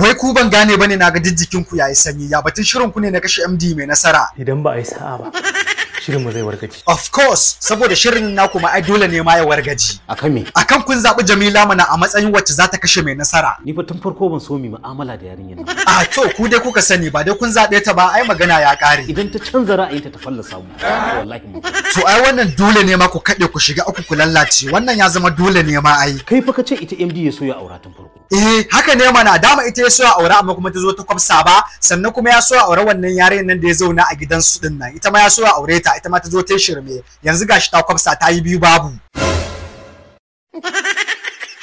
Wai ku ban gane bane na ga jijjikin ku yayi sanyi ya batun shirin ku ne na kashe MD mai nasara. Idan ba a yi sa'a ba. shirin mu zai wargaji of course saboda shirin na kuma ai dole ne ma ya wargaji akan me akan kun zabi Jamila mana a matsayin wacce za ta kashe mai nasara ni fa tun farko ban so mi mu'amala da yarinyar nan a to ku dai kuka sani ba dai kun zabe ta ba ai magana ya kare idan ta canza ra'ayinta ta fallasa mu wallahi mu to ai wannan dole ne ma ku kade ku shiga uku ku lallace wannan ya zama dole ne ma ai kai fa ka ce ita MD ya so ya aura tun farko eh haka ne mana dama ita ya so ya aura amma kuma ta zo ta kwamsa ba sannan kuma ya so ya aura wannan yarinyar nan da ya zauna a gidansu din nan ita ma ya so ya aure ta ita ma ta zo ta shirme yanzu gashi ta kwafsa ta yi biyu babu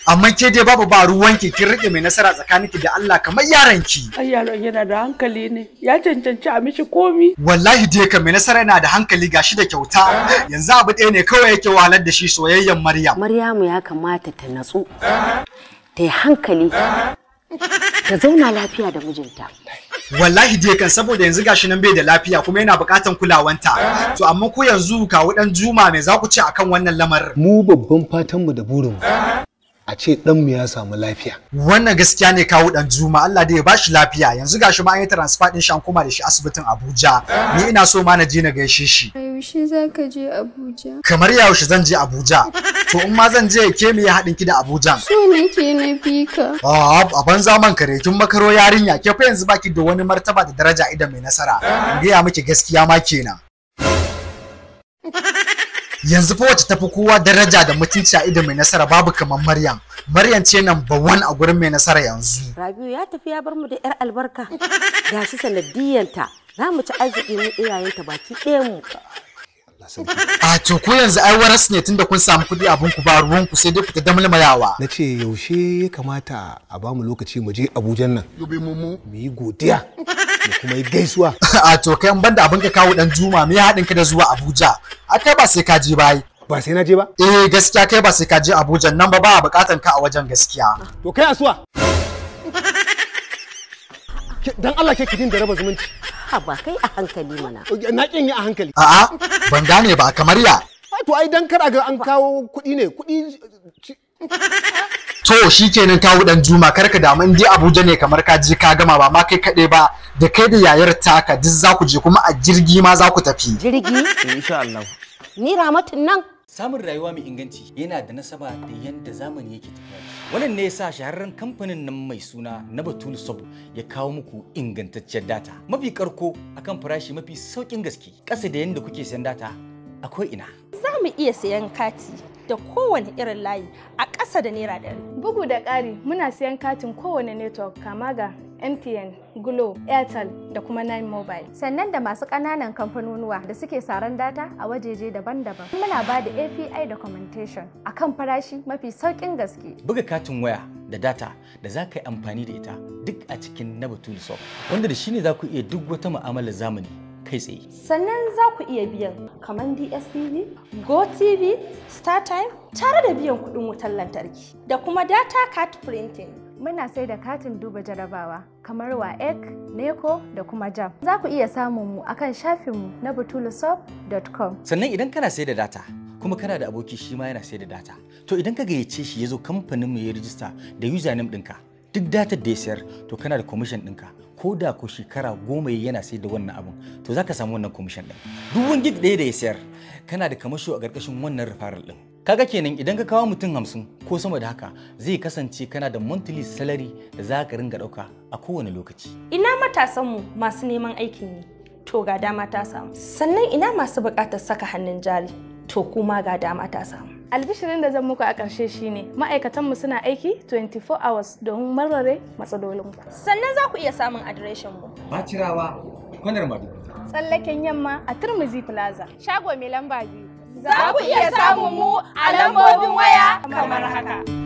amma ke dai babu ba ruwanki kin rike mai nasara tsakaninki da Allah kamar yaranki ai yaron yana da hankali ne ya cancanci a mishi komi wallahi dai ka mai nasara yana da hankali gashi da kyauta yanzu abu ɗaya ne kawai yake wahalar da shi soyayyen Maryam Maryamu ya kamata ta natsu ta yi hankali ta zauna lafiya da mijinta wallahi dai kan saboda yanzu gashi nan bai da lafiya kuma yana bukatan kulawanta to amma ku yanzu kawu dan juma me za ku ce akan wannan lamarin mu babban fatan mu da burin mu a ce ɗanmu ya samu lafiya. Wannan gaskiya ne kawo ɗan juma Allah dai ya bashi lafiya yanzu gashi ma an yi transfer din shan an da shi asibitin Abuja ni ina so ma na je na gaishe shi. yaushe za ka je Abuja? Kamar yaushe zan je Abuja? To in ma zan je ke me ya haɗin ki da Abuja? So ne ke na bi ka. Ah, a banza man kare kin makaro yarinya ke fa yanzu baki da wani martaba da daraja idan mai nasara. Gaya miki gaskiya ma kenan. Yanzu fa wacce tafi kowa daraja da mutunci a idan mai nasara babu kamar Maryam. Maryam ce nan ba wani a gurin mai nasara yanzu. Rabiu ya tafi ya bar mu da 'yar albarka. ga shi sanadiyanta za mu ci arziki mu iyayenta baki ɗaya mu. a to yanzu ai waras ne tunda kun samu kuɗi abun ku ba ruwan ku sai dai ku ta damlmayawa na ce yaushe ya kamata a ba mu lokaci mu je abuja nan mu yi godiya mu kuma yi gaisuwa a to kai ban da abin ka kawo dan juma me ya haɗin ka da zuwa abuja a kai ba sai ka je bayi ba sai na je ba eh gaskiya kai ba sai ka je abuja nan ba ba buƙatan ka a wajen gaskiya to kai asuwa dan Allah ke kidin da raba zumunci haba kai a hankali mana na kin yi a hankali a'a ban gane ba kamar ya to ai dan kar a ga an kawo kuɗi ne kuɗi to shi kenan kawo dan juma kar ka damu in dai abuja ne kamar ka ji ka gama ba ma kai kaɗai ba da kai da yayar taka duk za ku je kuma a jirgi ma za ku tafi jirgi insha Allah ni ramatin nan Samun rayuwa mai inganci yana da nasaba da yadda zamani yake tafiya. Wannan ne yasa shahararren kamfanin nan mai suna na Batul Sub ya kawo muku ingantaccen data. Mafi karko akan farashi mafi saukin gaske. Ƙasa da yadda kuke sayan data akwai ina. Za mu iya sayan kati da kowane irin layi a ƙasa da naira ɗari. Bugu da ƙari muna sayan katin kowane network kama ga MTN, Glo, Airtel da kuma Nine Mobile. Sannan da masu ƙananan kamfanonuwa da suke saran data a wajeje daban-daban. Muna ba da API documentation a kan farashi mafi sauƙin gaske. Buga katin waya da data da za ka yi amfani da ita duk a cikin na Batuli wanda da shi ne za ku iya duk wata mu'amalar zamani kai tsaye. Sannan za ku iya biyan kamar DSTV, GoTV, StarTime tare da biyan kuɗin wutar lantarki da kuma data card printing. muna sai da katin duba jarabawa kamar waec neko da kuma jam za ku iya samun mu akan shafinmu na butulusop.com sannan idan kana sai da data kuma kana da aboki shi ma yana sai da data to idan ka gayyace shi ya zo kamfanin mu ya rijista da username ɗinka duk data da ya sayar to kana da commission ɗinka ko da ko shekara goma yana sai da wannan abin to za ka samu wannan commission ɗin duk wani gig ɗaya da ya sayar kana da kamasho a ƙarƙashin wannan referral ɗin kaga kenan idan ka kawo mutum hamsin ko sama da haka zai kasance kana da monthly salary da za ka ringa ɗauka a kowane lokaci ina matasanmu masu neman aikin ne to ga dama ta samu sannan ina masu buƙatar saka hannun jari to kuma ga dama ta samu albishirin da zan muku a ƙarshe shine ma'aikatan mu suna aiki 24 hours domin marware ku. sannan za ku iya samun adireshin mu bacirawa kwanar madu tsallaken yamma a turmuzi plaza shago mai lamba biyu Za ku iya samun mu a lambobin waya kamar haka.